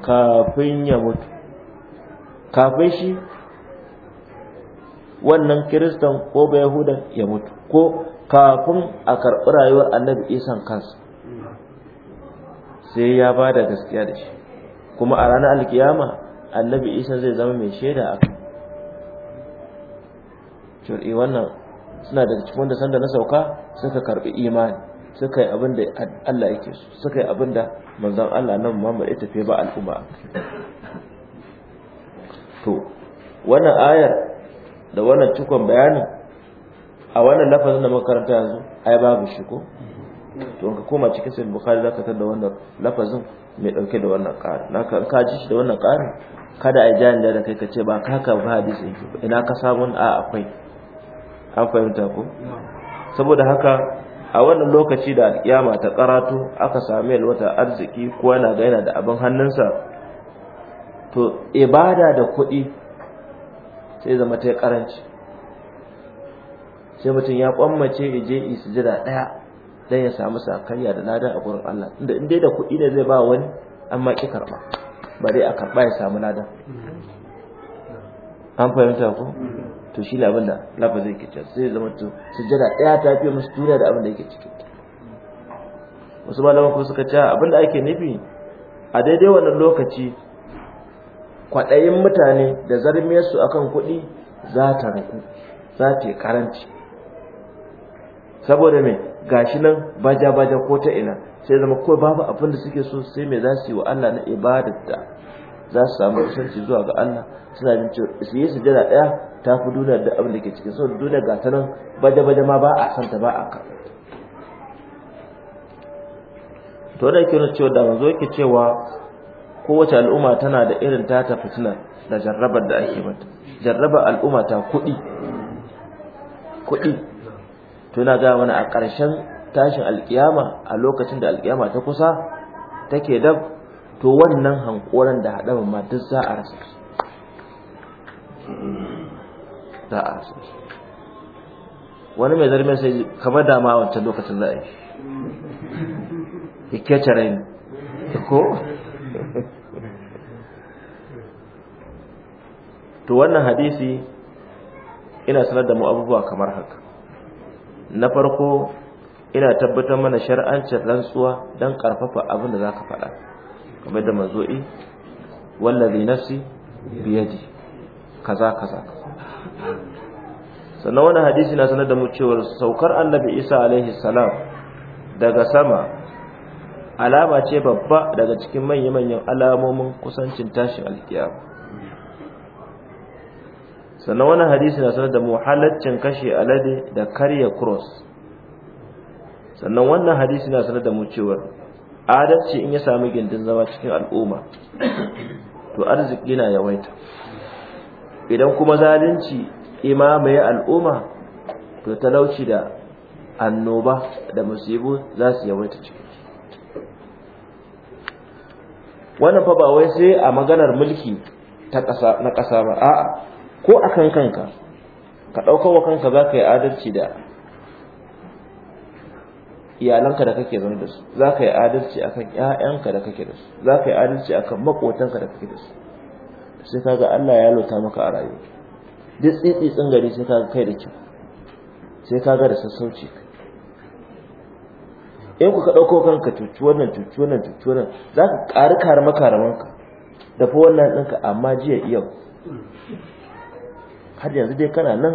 kafin ya mutu kafin shi wannan kiristan ko ba ya mutu ko kafin a karɓi rayuwar annabi isan kansa sai ya ba da gaskiya da shi kuma a ranar alkiyama annabi isa zai zama mai shaida a kan shir'i eh, wannan suna da cikin wanda sanda na sauka suka karɓi imani suka yi abin da Allah yake su suka yi abin da manzan Allah nan ma mai tafi ba al'umma to wannan ayar da wannan cikon bayanin a wannan lafazin da makaranta yanzu ai babu shi ko to ka koma cikin sahih bukhari zaka tada wannan lafazin mai dauke da wannan ƙarin naka ka ji shi da wannan ƙarin kada ai jayin da kai ka ce ba ka ka ba hadisi ina ka samu a akwai an fahimta ko saboda haka a wannan lokaci da alƙiyama ta karatu aka sami yalwata arziki ko yana ga yana da abin hannunsa to ibada da kuɗi sai zama ta karanci sai mutum ya kwammace ya je yi sujada daya dan ya samu sakayya da ladan a gurin Allah inda inda da kuɗi ne zai ba wani amma ki karba bare a karba ya samu ladan, an fahimta ko to shi ne abinda lafazin yake cewa sai zama to sujada daya ta fi musu duniya da abin da yake ciki wasu malaman kuma suka ce abin da ake nufi a daidai wannan lokaci kwaɗayin mutane da zarmiyarsu akan kuɗi za ta ragu za ta yi karanci saboda mai gashi nan baja-baja ko ta ina sai zama kawai babu abin da suke so sai mai za su yi wa Allah na ibadarta, za su samu kusanci zuwa ga Allah suna jin su yi sujada ɗaya ta fi duniyar da abin da ke cikin saboda duniyar ga ta nan baja-baja ma ba a santa ba a ka to da yake cewa da manzo yake cewa kowace al'umma tana da irin tata fitinar da jarrabar da ake mata jarraba al'umma ta kuɗi kuɗi to na ga mana a ƙarshen tashin alƙiyama a lokacin da alƙiyama ta kusa take dab to wannan hankoran da haɗa ma duk za a rasa za a rasa wani mai zarmi sai kamar dama wancan lokacin za a yi ya kece raini ko to wannan hadisi ina sanar da mu abubuwa kamar haka na farko ina tabbatar mana shar'ancin rantsuwa don karfafa abin da za ka faɗa kamar da mazo'i wallazi nafsi biyadi kaza kaza sannan wannan hadisi na sanar da mu cewar saukar annabi isa alaihi salam daga sama alama ce babba daga cikin manya-manyan alamomin kusancin tashin alkiyama sannan wani hadisi na sanar da mu halaccin kashe alade da karya cross sannan wannan hadisi na sanar da mu cewar adalci in ya samu gindin zama cikin al'umma to arziki na yawaita idan kuma zalunci imamaye al'umma to talauci da annoba da musibu za su yawaita ciki wannan fa ba wai sai a maganar mulki ta ƙasa na ƙasa ba a'a ko a kan kanka ka ɗaukar wa kanka za ka yi adalci da iyalanka da kake zama da su za ka yi adalci a kan ‘ya'yanka da kake da su za ka yi adalci a kan maƙotanka da kake da su sai ka ga Allah ya lota maka a rayu. duk tsitsitsin gari sai ka ga kai da kyau sai ka ga da sassauci in ku ka ɗauko kanka cuci wannan cuci wannan cuci wannan za ka ƙari karama karamanka da fa wannan ɗinka amma jiya yau har yanzu dai kana nan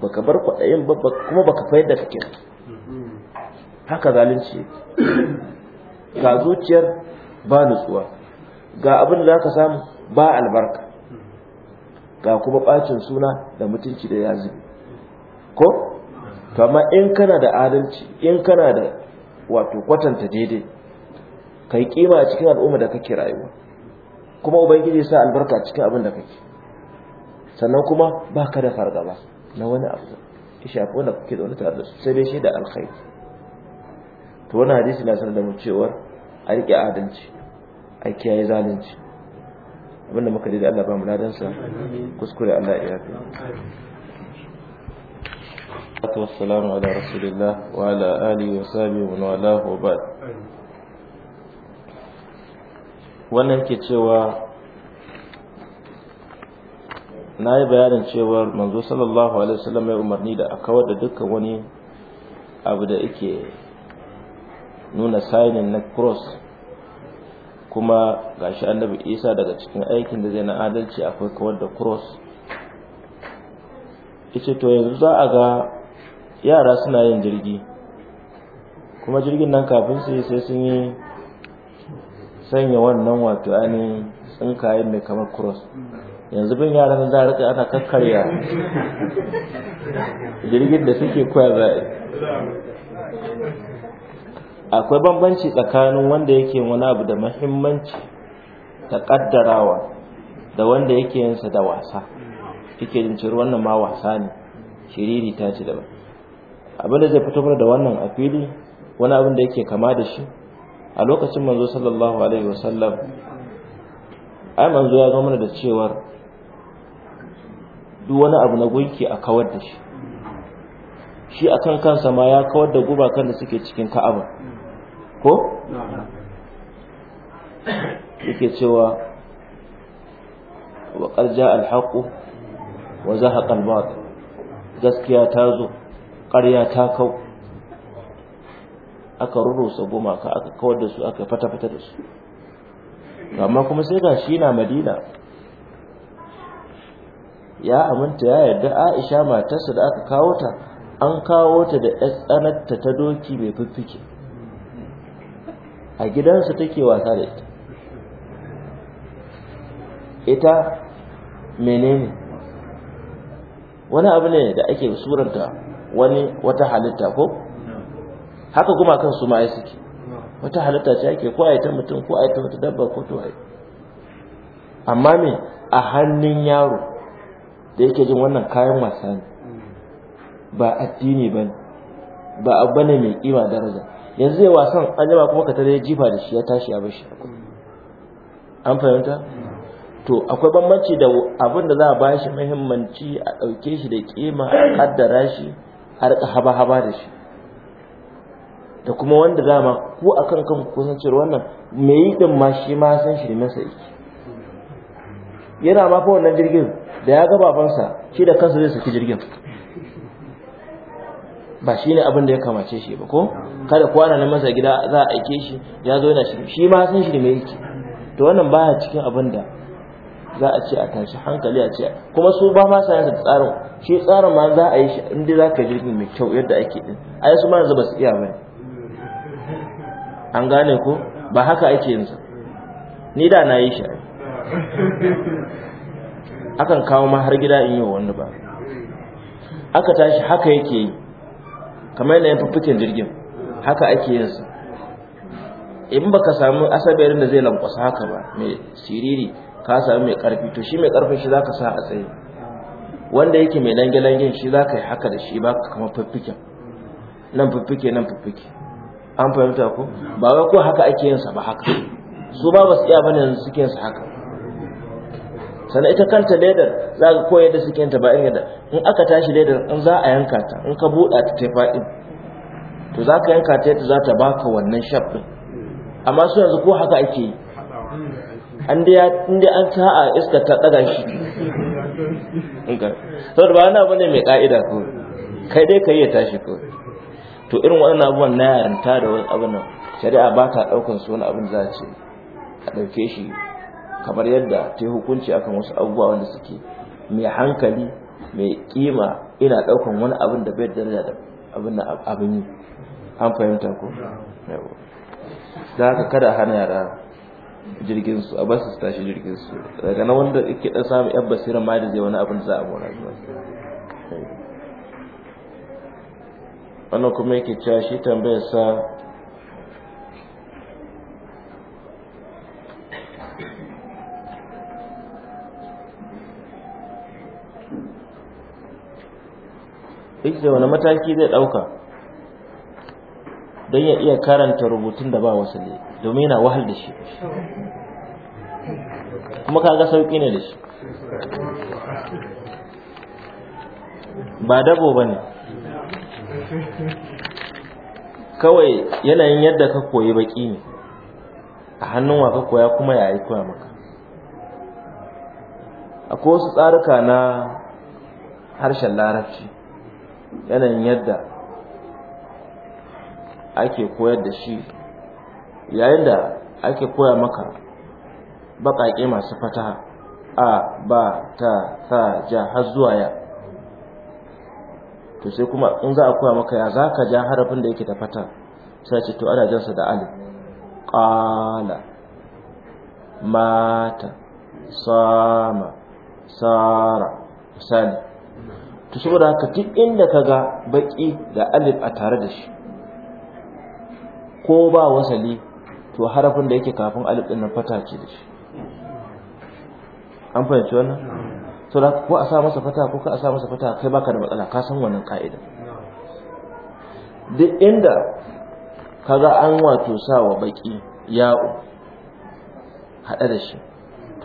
baka bar kwaɗayin ba kuma baka fayar da kake haka zalunci ga zuciyar ba nutsuwa ga abin da za ka samu ba albarka ga kuma ɓacin suna da mutunci da yazi ko kama in kana da adalci in kana da wato kwatanta daidai kai kima a cikin al'umma da kake rayuwa kuma ubangiji sa albarka cikin abin da kake sannan kuma ba ka da fargaba na wani abu ya shafi wanda kuke zaune tare da su sai dai shi da alkhairi to wani hadisi na sanar da mu cewar a riƙe adalci a kiyaye zalunci abinda muka da Allah ba mu ladansa kuskure Allah ya yafe salatu wassalamu ala rasulillah wa ala alihi wa sahbihi wa ala wa wannan ke cewa na yi bayanin cewar manzo sallallahu alaihi wasallam ya umarni da a kawar da dukkan wani abu da yake nuna signing na cross kuma gashi annabi isa daga cikin aikin da zai na adalci akwai kawar da cross ita to yanzu za a ga yara suna yin jirgi kuma jirgin nan kafin su yi sai sun yi sanya wannan wato ainihin tsinkayen mai kamar cross yanzu bin yaran da a rika ana kakkarya
jirgin da suke koya za
a akwai bambanci tsakanin wanda yake wani abu da mahimmanci ta kaddarawa da wanda yake yinsa da wasa yake jin wannan ma wasa ne shiriri ta ci daban abin da zai fito mana da wannan a fili wani abin da yake kama da shi a lokacin manzo sallallahu alaihi wasallam ai manzo ya zo mana da cewar duk wani abu na gunki a kawar da shi shi akan kansa ma ya kawar da gubakan da suke cikin ka'aba ko yake cewa wa qarja alhaqu wa zahaqa albatil gaskiya ta zo ƙarya ta kau aka rurusa gumaka aka kawar da su aka fata-fata da su amma kuma sai ga shi na madina ya aminta ya yarda Aisha matarsa da aka kawo ta an kawo ta da ƴar tsanarta ta doki mai fiffike a gidansa take wasa da ita ita menene wani abu ne da ake suranta wani wata halitta ko haka kuma kan su ma suke wata halitta ce ake ko ai ta mutum ko ai ta wata dabba ko to ai amma me a hannun yaro da yake jin wannan kayan wasa ne ba addini ba ba abu ne mai kima daraja yanzu zai wasan an jama kuma ka tare jifa da shi ya tashi a bashi an fahimta to akwai bambanci da abin da za a ba shi muhimmanci a ɗauke shi da kima a kaddara shi a rika haba-haba da shi da kuma wanda dama ko akan kan kusancewar wannan mai yi din ma shi ma san shi da masa iki yana ma fa wannan jirgin da ya ga babansa shi da kansa zai saki jirgin ba shi ne abin da ya kamace shi ba ko kada kwana na masa gida za a aike shi ya zo yana shirme shi ma san shirme yake to wannan baya cikin abin da za a ce a tashi hankali a ce kuma su ba ma sayansa da tsarin shi tsarin ma za a yi shi inda za ka jirgin mai kyau yadda ake din a yi su ma yanzu ba su iya ba an gane ko ba haka ake yanzu ni da na yi shi akan kawo ma har gida in yi wa wani ba aka tashi haka yake yi kamar yanayin fafikin jirgin haka ake yin su in ka samu asabirin da zai lankwasa haka ba mai siriri ka samu mai karfi to shi mai karfin shi za ka sa a tsaye wanda yake mai lange-langen shi ka yi haka da shi ba ka kama fafikin nan fuffuke nan fuffuke an fahimta ko ba wai ko haka ake yin sa ba haka su ba ba su iya bane yanzu suke yin sa haka sannan ita kanta ledar za ka koyar da suke ta ba in yadda in aka tashi ledar in za a yanka ta in ka buɗa ta ta faɗi to za ka yanka ta yadda za ta baka wannan shaf ɗin amma su yanzu ko haka ake yi an dai an ta a iska ta ɗaga shi saboda ba na bane mai ƙa'ida ko kai dai ka yi ya tashi ko to irin waɗannan abubuwan na yaranta da wani abin nan shari'a ba ta ɗaukar su wani abin za a ce a ɗauke shi kamar yadda ta yi hukunci akan wasu abubuwa wanda suke mai hankali mai kima ina daukan wani abin da bai daraja da abin abin yi an fahimta ko da haka kada hana yara jirgin su a basu su tashi jirgin su daga na wanda yake dan samu yan basira ma da zai wani abin da za a mora shi wannan kuma yake cewa shi tambayar sa da wani mataki zai ɗauka don ya iya karanta rubutun da ba wasu ne domin yana wahal da shi kuma kaga sauƙi ne da shi ba dabo ba ne kawai yanayin yadda ka koyi baƙi ne a hannun wa ka koya kuma ya yi koya maka akwai wasu tsaruka na harshen larabci yanayin yadda ake koyar da shi yayin da ake koya maka baƙaƙe masu fataha a ba ta sa ja har zuwa ya to sai kuma in za a koya maka ya za ka ja harafin da yake da fata sai ce to ana jansa da alif ƙala mata sama sara misali to saboda haka duk inda ka ga baki da alif a tare da shi ko ba wasali to harafin da yake kafin alif din nan fata ce da shi an fahimci wannan to da ko a sa masa fata ko ka a sa masa fata kai baka da matsala ka san wannan ka'ida duk inda ka ga an wato sawa baki ya'u hada da shi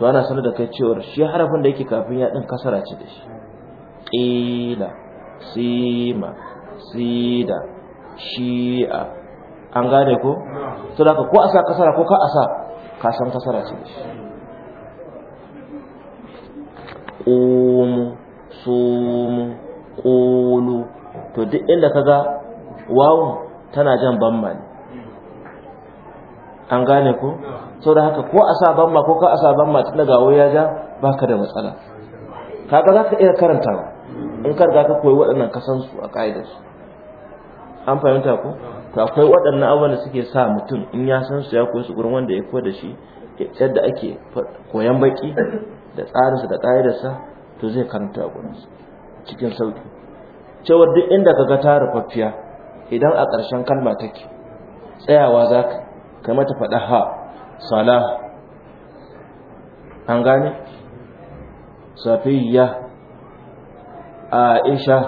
to ana sanar da kai cewar shi harafin da yake kafin ya din kasara ce da shi ƙila sima sida shi'a an gane ko to da ko asa kasara ko ka asa ka san kasara ce da shi qum sum qulu to duk inda kaga wawun tana jan bamma ne an gane ko da haka ko asa bamma ko ka asa bamma tun daga ya ja baka da matsala Ka za ka iya karanta ba? in ka ka koyi waɗannan kasansu a ƙa'idar su an fahimta ko to akwai waɗannan abubuwan da suke sa mutum in ya san su ya koyi su gurin wanda ya koyar da shi yadda ake koyan baki da tsarinsa da ƙa'idarsa to zai karanta gurinsa cikin sauƙi cewar duk inda ka ga ta rufaffiya idan a ƙarshen kalma take tsayawa za ka kai mata faɗa ha salah an gane safiyya aisha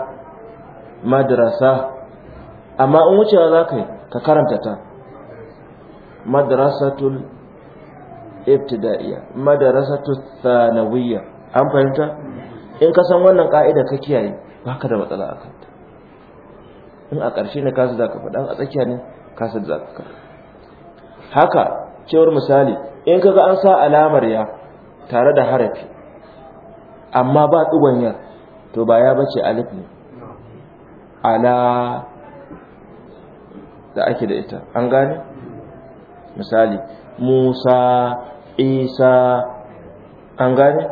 madrasa amma in wucewa za ka yi ka karanta ta madrasatul ibtida'iyya madrasatul thanawiyya an fahimta in ka san wannan ka'ida ka kiyaye ba ka da matsala a kanta in a ƙarshe ne su za ka faɗa a tsakiya ne ka su za ka karanta haka cewar misali in ka ga an sa alamar ya tare da harafi amma ba ɗigon yar to ba ya bace alif ne ala da ake da ita an gane misali musa isa an gane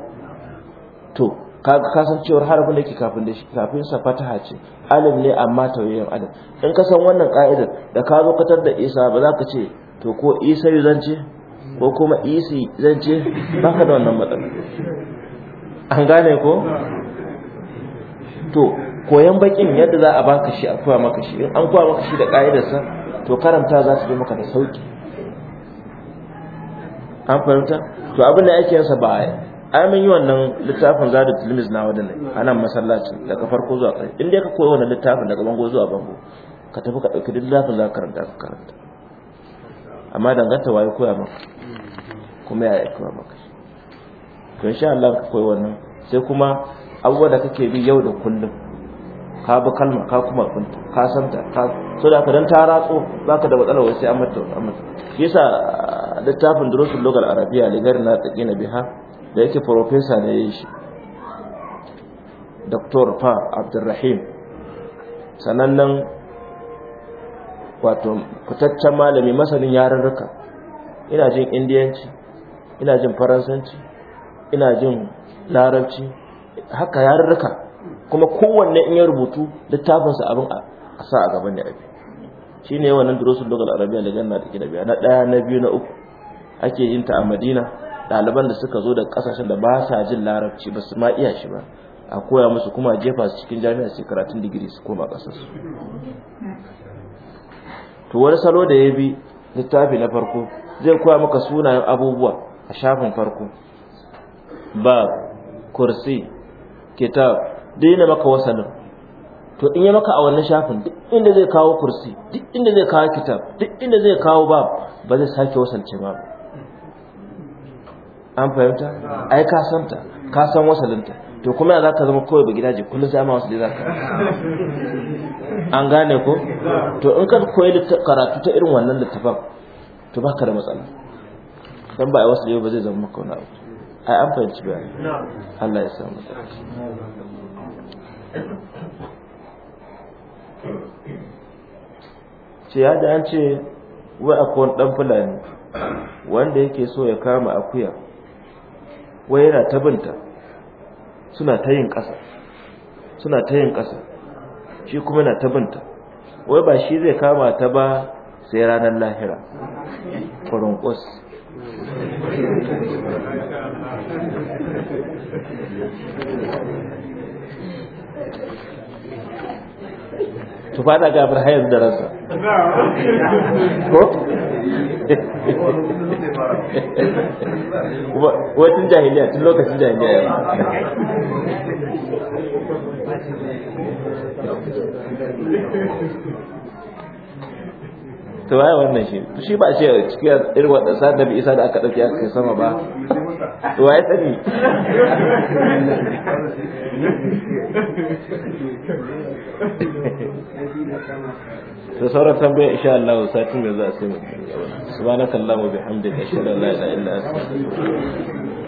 to kasancewar harafin da ke kafin da shi kafin sa fataha ce alif ne amma tauyayin alif in ka san wannan ka'idar da ka zo da isa ba za ka ce to ko isa yi ce ko kuma isi ce ba ka da wannan matsala an gane ko to koyan bakin yadda za a baka shi a koya maka shi in an koya maka shi da ka'idarsa to karanta za su yi maka da sauki an fahimta to abin da ake yansa ba a mun yi wannan littafin zadu tilmiz na ne a nan masallacin daga farko zuwa ƙarshe in dai ka koyi wannan littafin daga bango zuwa bango ka tafi ka ɗauki duk littafin za ka karanta ka karanta amma danganta waye koya maka kuma ya koya maka to insha Allah ka koyi wannan sai kuma abubuwa da kake bi yau da kullum ka bi kalma ka kuma kunta ka santa ka so da kadan ta ratso baka da matsalar wai sai an mata an mata yasa ah, littafin durusul lugal arabiya da gari na tsaki na biha da yake professor ne yayin shi Dr. Fa Abdulrahim sanannen wato fitaccen malami masanin yarurruka ina jin indiyanci ina jin faransanci ina jin larabci haka ya yarurruka kuma kowanne in ya rubutu littafinsa abin a sa a gaban da abi shi ne wannan durusun dogal arabiya da janna take da biya na ɗaya na biyu na uku ake yin ta a madina ɗaliban da suka zo da ƙasashen da ba sa jin larabci ba su ma iya shi ba a koya musu kuma jefa su cikin jami'a su karatun digiri su koma ƙasar su to wani salo da ya bi littafi na farko zai koya maka sunayen abubuwa a shafin farko ba kursi kitab daina maka wasalin to in ya maka a wannan shafin duk inda zai kawo kursi duk inda zai kawo kitab duk inda zai kawo bab ba zai sake wasalce ba an fahimta ai ka ta ka san wasalinta to kuma za ka zama kawai ba gidaje kullum sai ma wasali za ka
an gane ko to
in ka koyi karatu ta irin wannan littafin to baka da matsala dan ba ai wasali ba zai zama maka wani abu ai an fahimci bayani Allah ya samu ce ya da an ce wai akwai dan fulani wanda yake so ya kama akuya wai yana tabinta suna ta yin ƙasa suna ta yin ƙasa shi kuma yana tabinta wai ba shi zai kama ta ba sai ranar lahira ƙwaron to fada gabar hayar da ransa ko wacin jahiliya tun lokacin jahiliya ta waye wannan shi shi ba shi cikin irin wadda sa da isa da aka ɗauki aka kai sama ba to waye sani
[laughs] da
sauran tambayar insha Allah satin da za a sai mu subhanakallahumma bihamdika ashhadu an la ilaha illa anta astaghfiruka